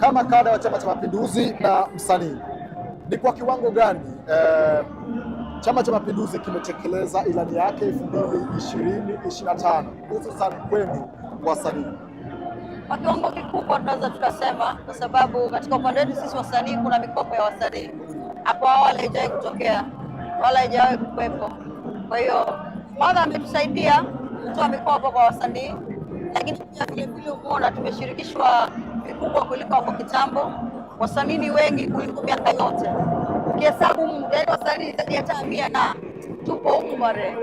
Kama kada wa Chama cha Mapinduzi na msanii, ni kwa kiwango gani eh, Chama cha Mapinduzi kimetekeleza ilani yake 2025 hususan kwenu wasanii? Kwa kiwango kikubwa tunaweza tukasema, kwa sababu katika upande wetu sisi wasanii kuna mikopo ya wasanii, hapo awali haijawahi kutokea wala haijawahi kuwepo. Kwa hiyo madha ametusaidia kutoa mikopo kwa wasanii lakini pia vilevile umeona tumeshirikishwa vikubwa kuliko hapo kitambo, wasamini wengi kuliko miaka yote ukihesabu yaani wasanii zaidi ya hata mia na tupo umare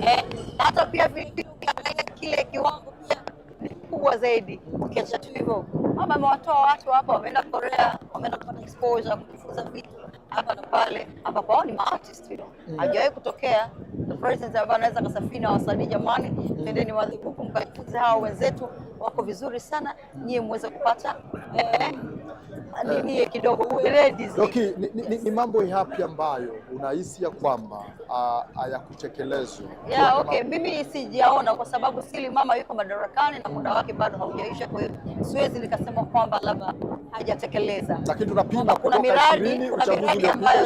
eh, hata pia vilevile ukiangalia kile kiwango pia ni kubwa zaidi. Ukiacha tu hivyo, mama amewatoa watu hapa, wameenda Korea, wameenda kupata exposure, kujifunza vitu hapa na pale, ambapo wao ni maartist, mm. hajawahi kutokea presidents ambaye anaweza kasafiri na wasanii, jamani, tendeni madhubuti mkaikuze hao wenzetu wako vizuri sana, nyie mweze kupata eh, nini kidogo uweledi. Okay, ni, ni, ni mambo yapi ambayo unahisi ya kwamba ah, hayakutekelezwa? Yeah, okay. Mimi sijaona kwa sababu sili mama yuko madarakani na muda wake bado haujaisha, kwa hiyo siwezi nikasema kwamba labda hajatekeleza, lakini tunapima kuna miradi ambayo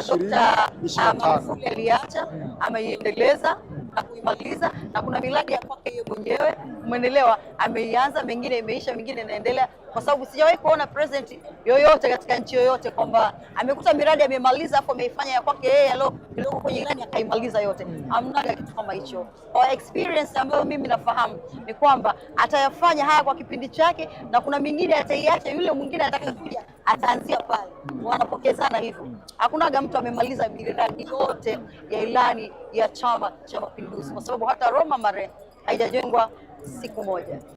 Magufuli aliacha ameiendeleza na kuimaliza na kuna miradi ya kwake mwenyewe, umeelewa? Ameianza, mengine imeisha, mengine inaendelea, kwa sababu sijawahi kuona president yoyote katika nchi yoyote kwamba amekuta miradi amemaliza, afu ameifanya ya kwake yeye kidogo kwenye ilani akaimaliza yote. Hamnaga kitu kama hicho. Kwa experience ambayo mimi nafahamu ni kwamba atayafanya haya kwa kipindi chake, na kuna mingine ataiacha yule mwingine atakayokuja ataanzia pale, wanapokezana hivyo. Hakunaga mtu amemaliza miradi yote ya ilani ya Chama cha Mapinduzi, kwa sababu hata Roma marehemu haijajengwa siku moja.